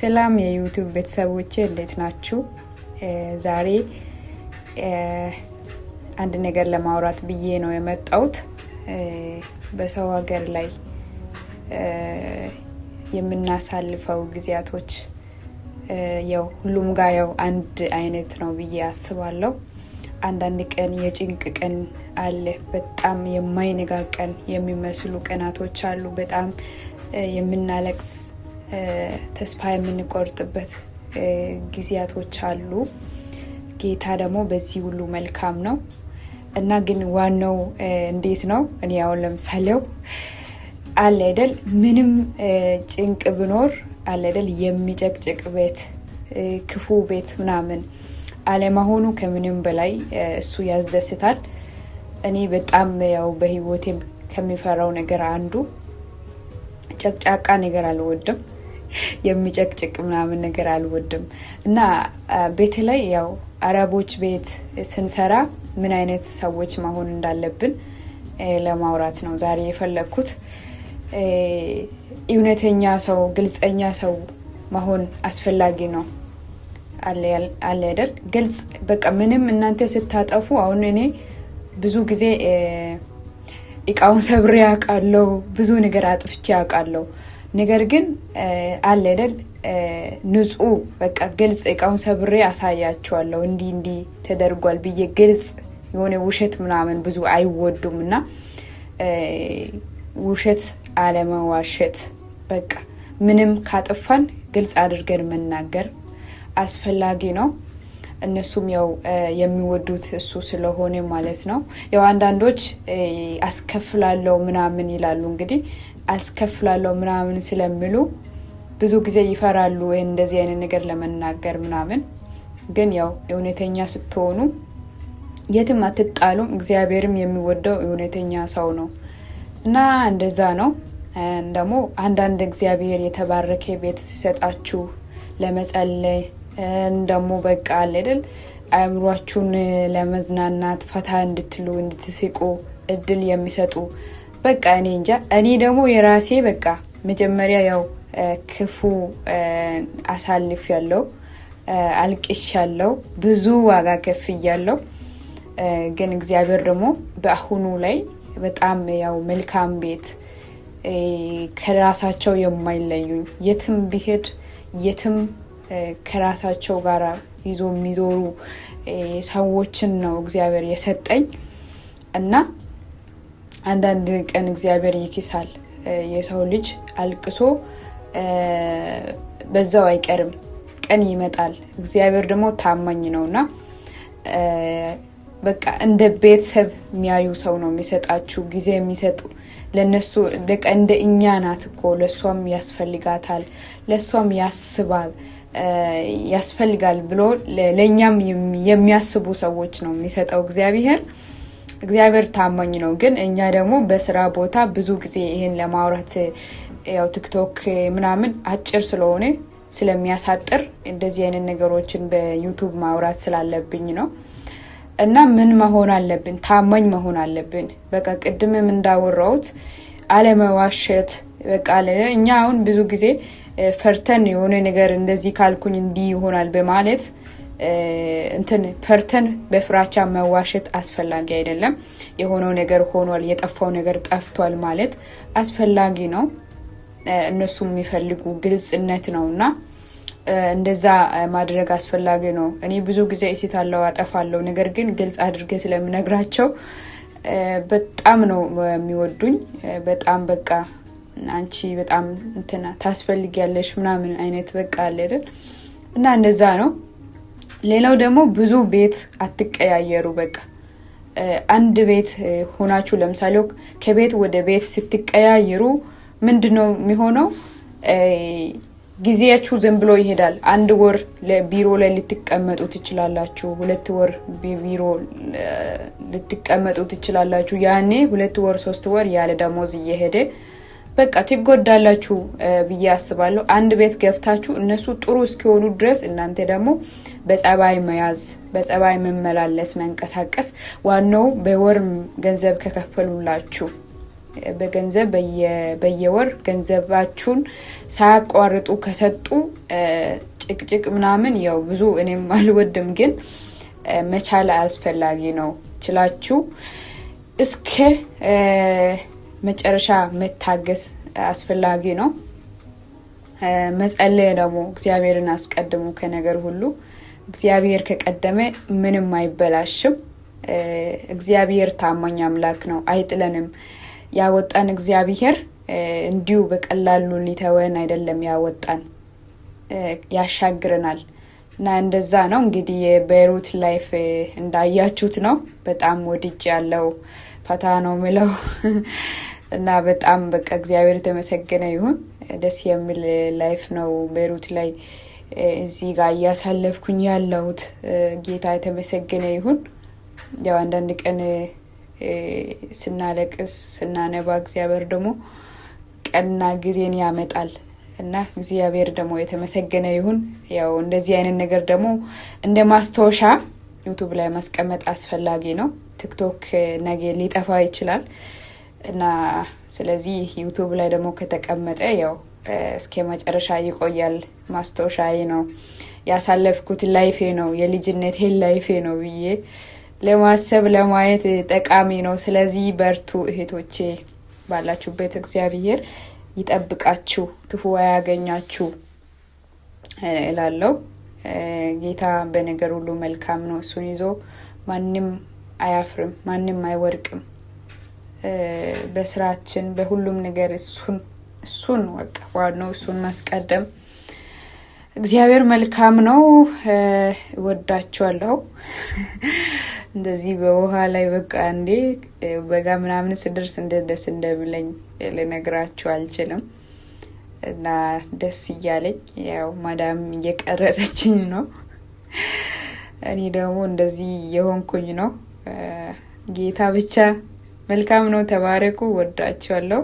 ሰላም የዩቱብ ቤተሰቦች እንዴት ናችሁ? ዛሬ አንድ ነገር ለማውራት ብዬ ነው የመጣሁት። በሰው ሀገር ላይ የምናሳልፈው ጊዜያቶች ያው ሁሉም ጋ ያው አንድ አይነት ነው ብዬ አስባለሁ። አንዳንድ ቀን የጭንቅ ቀን አለ። በጣም የማይነጋ ቀን የሚመስሉ ቀናቶች አሉ። በጣም የምናለቅስ ተስፋ የምንቆርጥበት ጊዜያቶች አሉ። ጌታ ደግሞ በዚህ ሁሉ መልካም ነው እና ግን ዋናው እንዴት ነው? እኔ አሁን ለምሳሌው አለ አይደል ምንም ጭንቅ ብኖር አለ አይደል የሚጨቅጭቅ ቤት፣ ክፉ ቤት ምናምን አለመሆኑ ከምንም በላይ እሱ ያስደስታል። እኔ በጣም ያው በህይወቴ ከሚፈራው ነገር አንዱ ጨቅጫቃ ነገር አልወድም። የሚጨቅጭቅ ምናምን ነገር አልወድም እና ቤት ላይ ያው አረቦች ቤት ስንሰራ ምን አይነት ሰዎች መሆን እንዳለብን ለማውራት ነው ዛሬ የፈለግኩት። እውነተኛ ሰው፣ ግልጸኛ ሰው መሆን አስፈላጊ ነው አለ ያደል ግልጽ በቃ ምንም እናንተ ስታጠፉ፣ አሁን እኔ ብዙ ጊዜ እቃውን ሰብሬ አውቃለሁ፣ ብዙ ነገር አጥፍቼ አውቃለሁ። ነገር ግን አለ አይደል ንጹ በቃ ግልጽ እቃውን ሰብሬ አሳያችኋለሁ እንዲህ እንዲህ ተደርጓል ብዬ ግልጽ የሆነ ውሸት ምናምን ብዙ አይወዱም እና ውሸት አለመዋሸት በቃ ምንም ካጠፋን ግልጽ አድርገን መናገር አስፈላጊ ነው። እነሱም ያው የሚወዱት እሱ ስለሆነ ማለት ነው። ያው አንዳንዶች አስከፍላለው ምናምን ይላሉ እንግዲህ አስከፍላለሁ ምናምን ስለሚሉ ብዙ ጊዜ ይፈራሉ፣ ወይ እንደዚህ አይነት ነገር ለመናገር ምናምን። ግን ያው እውነተኛ ስትሆኑ የትም አትጣሉም። እግዚአብሔርም የሚወደው እውነተኛ ሰው ነው እና እንደዛ ነው። ደግሞ አንዳንድ እግዚአብሔር የተባረከ ቤት ሲሰጣችሁ ለመጸለይ ደግሞ በቃ አለድል አእምሯችሁን ለመዝናናት ፈታ እንድትሉ እንድትስቁ እድል የሚሰጡ በቃ እኔ እንጃ። እኔ ደግሞ የራሴ በቃ መጀመሪያ ያው ክፉ አሳልፍ ያለው አልቅሽ ያለው ብዙ ዋጋ ከፍ እያለው ግን እግዚአብሔር ደግሞ በአሁኑ ላይ በጣም ያው መልካም ቤት ከራሳቸው የማይለዩኝ የትም ብሄድ የትም ከራሳቸው ጋር ይዞ የሚዞሩ ሰዎችን ነው እግዚአብሔር የሰጠኝ እና አንዳንድ ቀን እግዚአብሔር ይክሳል። የሰው ልጅ አልቅሶ በዛው አይቀርም። ቀን ይመጣል። እግዚአብሔር ደግሞ ታማኝ ነው እና በቃ እንደ ቤተሰብ የሚያዩ ሰው ነው የሚሰጣችሁ ጊዜ የሚሰጡ ለነሱ በቃ እንደ እኛ ናት እኮ ለእሷም ያስፈልጋታል ለእሷም ያስባል ያስፈልጋል ብሎ ለእኛም የሚያስቡ ሰዎች ነው የሚሰጠው እግዚአብሔር። እግዚአብሔር ታማኝ ነው። ግን እኛ ደግሞ በስራ ቦታ ብዙ ጊዜ ይህን ለማውራት ያው ቲክቶክ ምናምን አጭር ስለሆነ ስለሚያሳጥር እንደዚህ አይነት ነገሮችን በዩቱብ ማውራት ስላለብኝ ነው። እና ምን መሆን አለብን? ታማኝ መሆን አለብን። በቃ ቅድምም እንዳወራውት አለመዋሸት። በቃ እኛ አሁን ብዙ ጊዜ ፈርተን የሆነ ነገር እንደዚህ ካልኩኝ እንዲህ ይሆናል በማለት እንትን ፈርተን በፍራቻ መዋሸት አስፈላጊ አይደለም። የሆነው ነገር ሆኗል፣ የጠፋው ነገር ጠፍቷል ማለት አስፈላጊ ነው። እነሱ የሚፈልጉ ግልጽነት ነው እና እንደዛ ማድረግ አስፈላጊ ነው። እኔ ብዙ ጊዜ አለው አጠፋለው፣ ነገር ግን ግልጽ አድርገ ስለምነግራቸው በጣም ነው የሚወዱኝ። በጣም በቃ አንቺ በጣም እንትና ታስፈልጊያለሽ ምናምን አይነት በቃ አለ አይደል እና እንደዛ ነው ሌላው ደግሞ ብዙ ቤት አትቀያየሩ። በቃ አንድ ቤት ሆናችሁ ለምሳሌ ከቤት ወደ ቤት ስትቀያየሩ ምንድን ነው የሚሆነው? ጊዜያችሁ ዝም ብሎ ይሄዳል። አንድ ወር ለቢሮ ላይ ልትቀመጡ ትችላላችሁ። ሁለት ወር ቢሮ ልትቀመጡ ትችላላችሁ። ያኔ ሁለት ወር ሶስት ወር ያለ ደሞዝ እየሄደ በቃ ትጎዳላችሁ ብዬ አስባለሁ። አንድ ቤት ገብታችሁ እነሱ ጥሩ እስኪሆኑ ድረስ እናንተ ደግሞ በጸባይ መያዝ፣ በጸባይ መመላለስ፣ መንቀሳቀስ ዋናው በወር ገንዘብ ከከፈሉላችሁ በገንዘብ በየወር ገንዘባችሁን ሳያቋርጡ ከሰጡ ጭቅጭቅ ምናምን ያው ብዙ እኔም አልወድም፣ ግን መቻል አስፈላጊ ነው። ችላችሁ እስከ መጨረሻ መታገስ አስፈላጊ ነው። መጸለይ ደግሞ እግዚአብሔርን አስቀድሞ ከነገር ሁሉ እግዚአብሔር ከቀደመ ምንም አይበላሽም። እግዚአብሔር ታማኝ አምላክ ነው፣ አይጥለንም። ያወጣን እግዚአብሔር እንዲሁ በቀላሉ ሊተወን አይደለም ያወጣን፣ ያሻግረናል እና እንደዛ ነው እንግዲህ የቤይሩት ላይፍ እንዳያችሁት ነው። በጣም ወድጅ ያለው ፈታ ነው ምለው እና በጣም በቃ እግዚአብሔር የተመሰገነ ይሁን። ደስ የሚል ላይፍ ነው ቤሩት ላይ እዚህ ጋር እያሳለፍኩኝ ያለሁት። ጌታ የተመሰገነ ይሁን። ያው አንዳንድ ቀን ስናለቅስ ስናነባ እግዚአብሔር ደግሞ ቀንና ጊዜን ያመጣል እና እግዚአብሔር ደግሞ የተመሰገነ ይሁን። ያው እንደዚህ አይነት ነገር ደግሞ እንደ ማስታወሻ ዩቱብ ላይ ማስቀመጥ አስፈላጊ ነው። ቲክቶክ ነገ ሊጠፋ ይችላል። እና ስለዚህ ዩቱብ ላይ ደግሞ ከተቀመጠ ያው እስከ መጨረሻ ይቆያል። ማስታወሻዬ ነው፣ ያሳለፍኩት ላይፌ ነው፣ የልጅነቴ ላይፌ ነው ብዬ ለማሰብ ለማየት ጠቃሚ ነው። ስለዚህ በርቱ እህቶቼ፣ ባላችሁበት እግዚአብሔር ይጠብቃችሁ፣ ክፉ ያገኛችሁ እላለው። ጌታ በነገር ሁሉ መልካም ነው። እሱን ይዞ ማንም አያፍርም፣ ማንም አይወርቅም? በስራችን በሁሉም ነገር እሱን እሱን በቃ ዋናው እሱን ማስቀደም። እግዚአብሔር መልካም ነው። እወዳችኋለሁ። እንደዚህ በውሃ ላይ በቃ እንዴ በጋ ምናምን ስደርስ እንዴት ደስ እንደሚለኝ ልነግራችሁ አልችልም። እና ደስ እያለኝ ያው ማዳም እየቀረጸችኝ ነው፣ እኔ ደግሞ እንደዚህ የሆንኩኝ ነው። ጌታ ብቻ መልካም ነው። ተባረኩ። ወዳችኋለሁ።